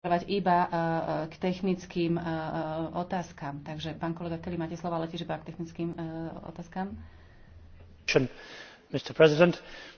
vyjadrovať iba e, e, k technickým e, otázkam. Takže, pán kolega Kelly, máte slovo, ale tiež iba k technickým otázkam. Mr. President.